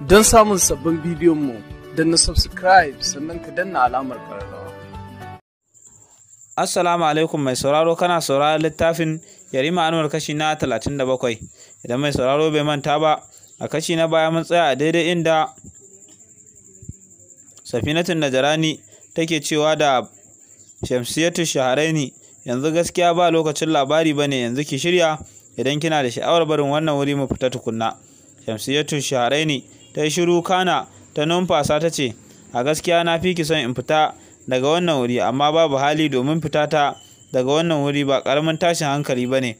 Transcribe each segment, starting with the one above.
don samun sabbin mu don na subscribe sannan ka danna alamar ƙararrawa. Assalamu alaikum mai sauraro kana sauraron littafin Yarima Anwar kashi na 37 idan mai sauraro bai manta ba a kashi na baya mun tsaya a daidai inda Safinatun Najarani take cewa da Shamsiyatu Shaharaini yanzu gaskiya ba lokacin labari ba ne yanzu ki shirya idan kina da sha'awar barin wannan wuri mu fita tukunna Shamsiyatu Shaharaini ta yi shiru kana ta numfasa ta ce a gaskiya na fi son in fita daga wannan wuri amma babu hali domin fita ta daga wannan wuri ba karamin tashin hankali ba ne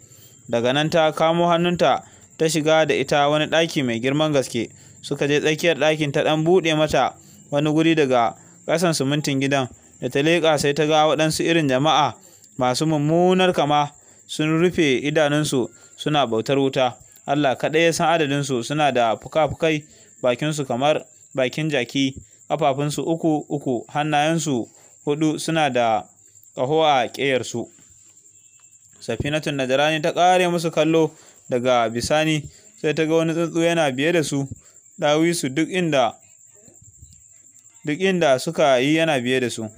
daga nan ta kamo hannunta ta shiga da ita wani ɗaki mai girman gaske suka je tsakiyar ɗakin ta ɗan buɗe mata wani guri daga ƙasan simintin gidan da ta leƙa sai ta ga waɗansu irin jama'a masu mummunar kama sun rufe idanunsu suna bautar wuta Allah kaɗai ya san adadinsu suna da fuka-fukai bakinsu kamar bakin jaki ƙafafunsu uku uku hannayensu hudu suna da ƙaho a ƙeyarsu safinatun najarani ta ƙare musu kallo daga bisani sai ta ga wani tsuntsu yana biye da su dawisu duk inda duk inda suka yi yana biye da su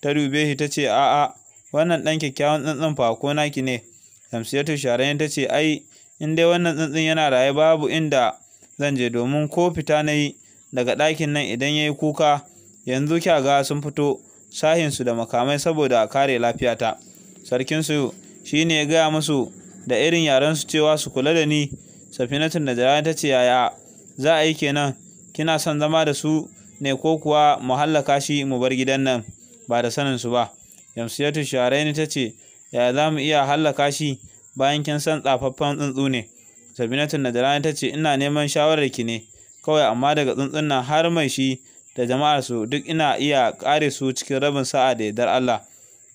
ta dube shi ta ce a'a wannan ɗan kyakkyawan tsuntsun fa ko naki ne shamsiyatu sharayin ta ce ai in dai wannan tsuntsun yana raye babu inda zan je domin ko fita na yi daga ɗakin nan idan ya yi kuka yanzu kya ga sun fito sahinsu da makamai saboda a kare lafiyata sarkinsu shi ne ya gaya musu da irin yaren su cewa su kula da ni safinatun da jara ta ce yaya za a yi kenan kina son zama da su ne ko kuwa mu hallaka shi mu bar gidan nan ba da sanin su ba yamsiyatu sharaini ta ce yaya za mu iya hallaka shi bayan kin san tsafaffen tsuntsu ne Sabinatu Najran ta ce ina neman shawarar ki ne kawai amma daga tsuntsun nan har mai shi da jama'ar su duk ina iya kare su cikin rabin sa'a da yardar Allah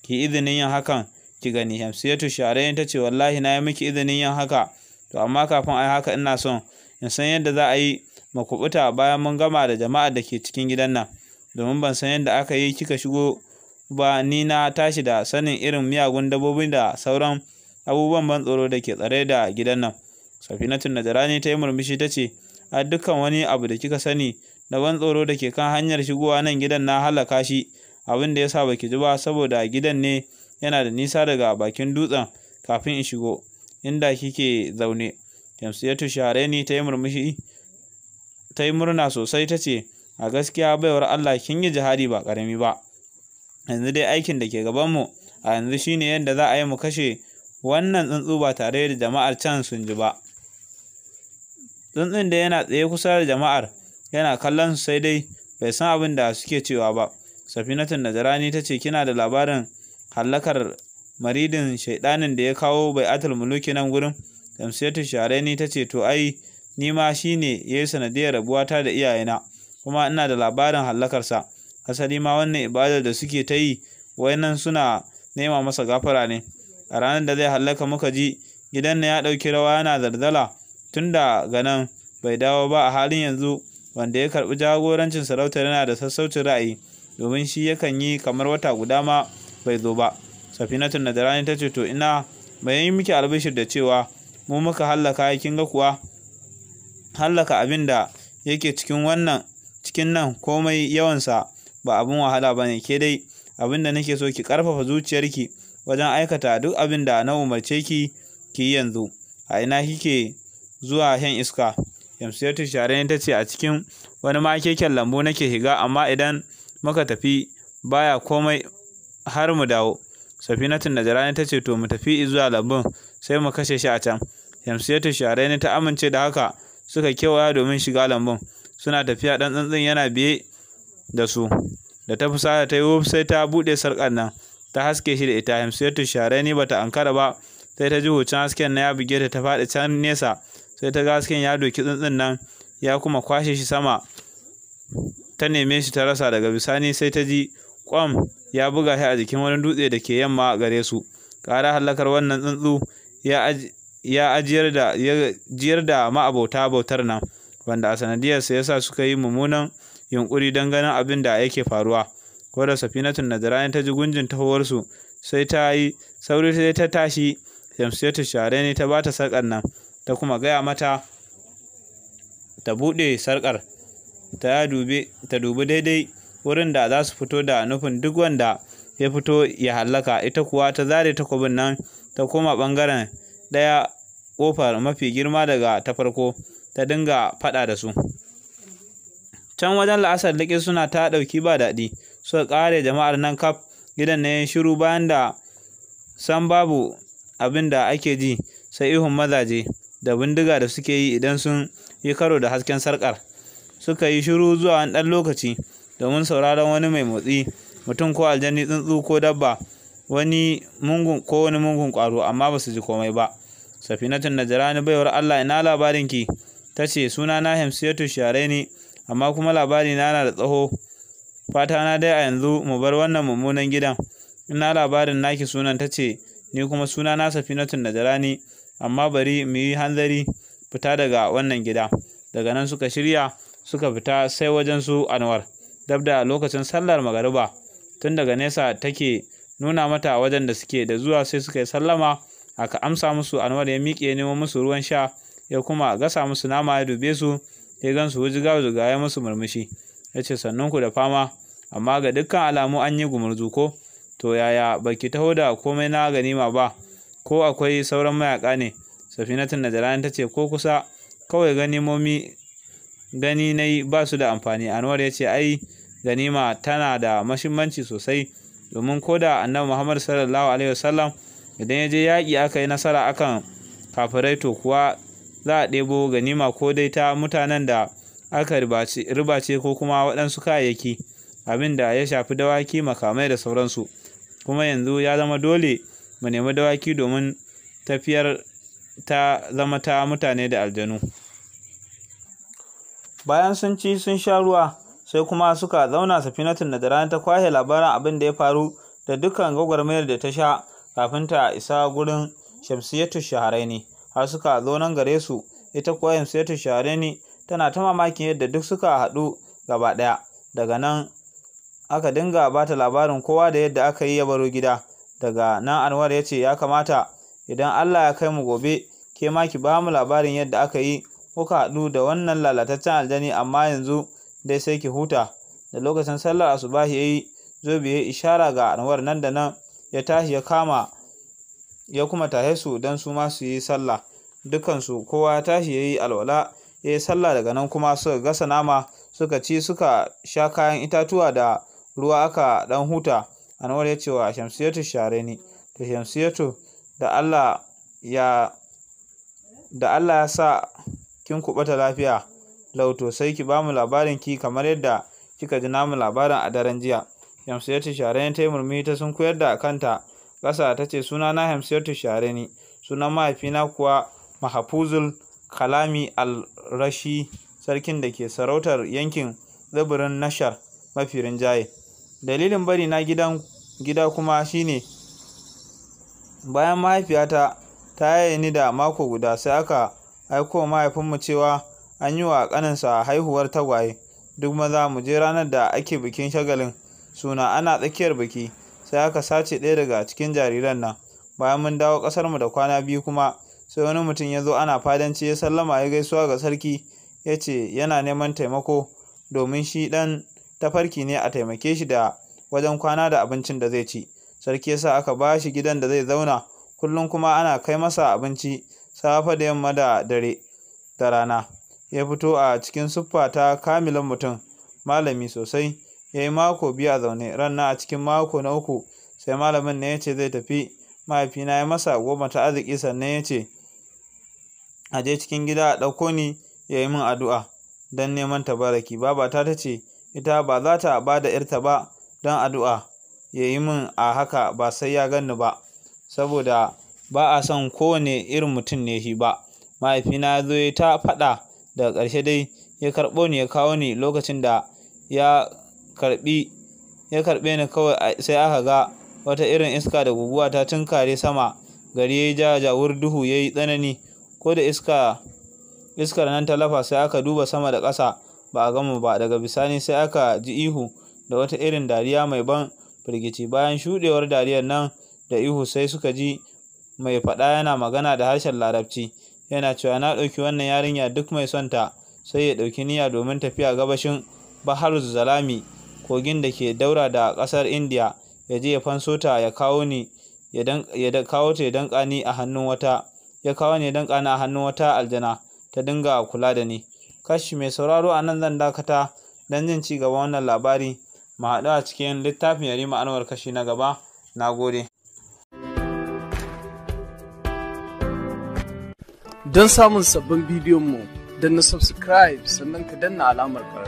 ki izinin yin hakan ki gani Hamsiyatu Sharayen ta ce wallahi na yi miki izinin yin haka to amma kafin a yi haka ina son in san yadda za a yi makubuta bayan mun gama da jama'ar da ke cikin gidan nan domin ban san yadda aka yi kika shigo ba ni na tashi da sanin irin miyagun dabbobin da sauran abubuwan ban tsoro da ke tsare da gidan nan Safinatun Najrani ta yi murmushi ta ce, "A dukkan wani abu da kika sani da ban tsoro da ke kan hanyar shigowa nan gidan na halaka shi, abin da ya sa baki ji ba saboda gidan ne yana da nisa daga bakin dutsen kafin in shigo, inda kike zaune." Shamsiyatu Shareni ta yi ta yi murna sosai ta ce, "A gaskiya baiwar Allah kin yi jihadi ba ƙarami ba." Yanzu dai aikin da ke gabanmu a yanzu shine yadda za a yi mu kashe wannan tsuntsu ba tare da jama'ar can sun ji ba. Tsuntsun da yana tsaye kusa da jama'ar yana kallon su sai dai bai san abin da suke cewa ba. Safinatun najarani ta ce kina da labarin hallakar maridin shaidanin da ya kawo atal muluki nan gurin? Shamsiyatu Shareni ta ce to ai ni ma shine ya yi sanadiyar rabuwata da iyayena kuma ina da labarin hallakarsa. Asali ma wannan ibadar da suke ta yi wai nan suna nema masa gafara ne. A ranar da zai hallaka muka ji gidan na ya ɗauki rawa yana zardala tun da nan bai dawo ba a halin yanzu wanda ya karɓi jagorancin sarautar yana da sassaucin ra'ayi domin shi yakan yi kamar wata guda ma bai zo ba safinatun darani ta ce to ina bayan yi miki albishir da cewa mu muka hallaka ya ga kuwa hallaka abin da yake cikin wannan cikin nan komai yawansa ba abin wahala ba ne ke dai abin da nake so ki karfafa zuciyarki wajen aikata duk abin da na umarce ki ki yi yanzu a ina kike zuwa shan iska. Shamsiyyatu Sharani ta ce a cikin wani makeken lambu nake shiga amma idan muka tafi ba komai har mu dawo. Safinatu Najjarani ta ce to mu tafi zuwa lambun sai mu kashe shi a can. Shamsiyyatu Sharani ta amince da haka suka kewaya domin shiga lambun. Suna tafiya ɗan tsantsin yana biye da su. Da ta fusata ta yi wuf sai ta buɗe sarƙar nan. Ta haske shi da ita. Shamsiyyatu Sharani bata ankara ba sai ta ji hucin hasken na ya buge ta ta faɗi can nesa. sai ta ga hasken ya doki tsuntsun nan ya kuma kwashe shi sama ta neme shi ta rasa daga bisani sai ta ji kwam ya buga shi a jikin wani dutse da ke yamma gare su ƙara hallakar wannan tsuntsu ya ajiyar da ya ma'abauta bautar nan wanda a sanadiyar ya yasa suka yi mummunan yunkuri don ganin abin da yake faruwa ko da safinatun najirani ta ji gunjin su sai ta yi sauri sai ta tashi shamsiyatu share ne ta ba ta sakan nan ta kuma gaya mata ta buɗe sarƙar ta dubi ta dubi daidai wurin da za su fito da nufin duk wanda ya fito ya hallaka ita kuwa ta zare takobin nan ta koma ɓangaren ɗaya ƙofar mafi girma daga ta farko ta dinga faɗa da su can wajen la'asar liƙi suna ta ɗauki ba daɗi suka ƙare jama'ar nan kaf gidan na shiru bayan da san babu abin da ake ji sai ihun mazaje da bindiga da suke yi idan sun yi karo da hasken sarkar suka yi shiru zuwa wani ɗan lokaci domin sauraron wani mai motsi mutum ko aljani tsuntsu ko dabba wani mungun ko wani mungun ƙwaro amma ba su ji komai ba safinatun najrani baiwar allah ina labarin ki ta ce suna na hamsiyatu share ne amma kuma labari na na da tsaho fata na dai a yanzu mu bar wannan mummunan gidan ina labarin naki sunan ta ce ni kuma suna na safinatun najrani amma bari mu yi hanzari fita daga wannan gida daga nan suka shirya suka fita sai wajen su anwar dab da lokacin sallar magariba tun daga nesa take nuna mata wajen da suke da zuwa sai suka yi sallama aka amsa musu anwar ya miƙe nemo musu ruwan sha ya kuma gasa musu nama ya dube su ya gan su wujiga wujiga ya musu murmushi ya ce sannunku da fama amma ga dukkan alamu an yi gumurzu ko to yaya baki taho da komai na ganima ba ko akwai sauran mayaka ne safinatun najrani ta ce ko kusa kawai ganimomi gani na yi ba su da amfani anwar ya ce ai ganima tana da mashimmanci sosai domin ko da annabi muhammad sallallahu alaihi wasallam idan ya je yaƙi aka yi nasara akan kafirai to kuwa za a ɗebo ganima ko dai ta mutanen da aka ribace ko kuma waɗansu kayayyaki abin da ya shafi dawaki makamai da sauransu kuma yanzu ya zama dole mu nemi dawaki domin tafiyar ta zama ta mutane da aljanu. Bayan sun ci sun sha ruwa, sai kuma suka zauna Safinatun rana ta kwashe labarin abin da ya faru da dukkan gwagwarmayar da ta sha kafin ta isa gurin shamsiyatu Shaharaini, har suka zo nan gare su, ita kuwa Shamsiyyatu Shaharaini tana ta mamakin yadda duk suka haɗu gaba ɗaya. Daga nan aka dinga ba ta labarin kowa da yadda aka yi ya baro gida, daga nan Anwar ya ce ya kamata idan Allah ya kai mu gobe ke ma ki ba mu labarin yadda aka yi kuka haɗu da wannan lalataccen aljani amma yanzu dai sai ki huta da lokacin sallar asubahi ya yi zobe ya ishara ga Anwar nan da nan ya tashi ya kama ya kuma tahe su don su ma su yi sallah dukansu kowa ya tashi ya yi alwala ya yi sallah daga nan kuma suka gasa nama suka ci suka sha kayan itatuwa da ruwa aka ɗan huta Anwar ya ce wa Shamsiyatu share ni to Shamsiyatu da Allah ya da Allah ya sa kin kubata lafiya lau sai ki bamu labarin ki kamar yadda kika ji namu labarin a daren jiya Shamsiyatu share ne ta yi murmi ta sun koyar da kanta kasa ta ce suna na Shamsiyatu share ni sunan mahaifina kuwa Mahafuzul Kalami al-Rashi sarkin da ke sarautar yankin tsibirin Nashar mafi rinjaye. dalilin bari na gidan gida kuma shine bayan mahaifiyata ta yaye ni da mako guda sai aka aiko mahaifinmu cewa an yi wa ƙaninsa haihuwar tagwaye duk maza mu je ranar da ake bikin shagalin suna ana tsakiyar biki sai aka sace ɗaya daga cikin jariran nan bayan mun dawo ƙasarmu da kwana biyu kuma sai wani mutum ya zo ana fadanci ya sallama ya gaisuwa ga sarki ya ce yana neman taimako domin shi ɗan tafarki ne a taimake shi da wajen kwana da abincin da zai ci sarki yasa aka ba shi gidan da zai zauna kullum kuma ana kai masa abinci safe da yamma da dare da rana ya fito a cikin siffa ta kamilan mutum malami sosai ya yi mako biyu a zaune ranna a cikin mako na uku sai malamin ne ya ce zai tafi mahaifina ya masa goma ta arziki sannan ya ce a je cikin gida a ɗauko ni ya yi min addu'a don neman tabaraki babata ta ce ita ba za ta ba da ‘yarta ba don addu'a ya yi min a haka ba sai ya gani ba, saboda ba a son kowane irin mutum ne shi ba. Mahaifina zo ya ta faɗa daga ƙarshe dai ya karɓo ni ya kawo ni lokacin da ya karɓi karɓe ni kawai sai aka ga wata irin iska da guguwa ta tunkare sama gari ya ja jawur duhu ya yi tsanani ko da iska iskar nan ta lafa sai aka duba sama da ƙasa ba a gama ba daga bisani sai aka ji ihu da wata irin dariya mai ban firgici bayan shuɗewar dariyar nan da ihu sai suka ji mai faɗa yana magana da harshen larabci yana cewa na ɗauki wannan yarinya duk mai son ta sai ya ɗauki niyya domin tafiya gabashin bahar zalami kogin da ke daura da ƙasar indiya ya je ya fanso ta ya kawo ni ya kawo ta ya danƙa ni a hannun wata ya kawo ni ya danƙa ni a hannun wata aljana ta dinga kula da ni kashi mai sauraro a nan zan dakata don jin ci gaba wannan labari mu haɗu a cikin littafin yarima ma'anwar kashi na gaba na gode don samun sabbin bidiyon mu na subscribe sannan ka danna alamar ƙarar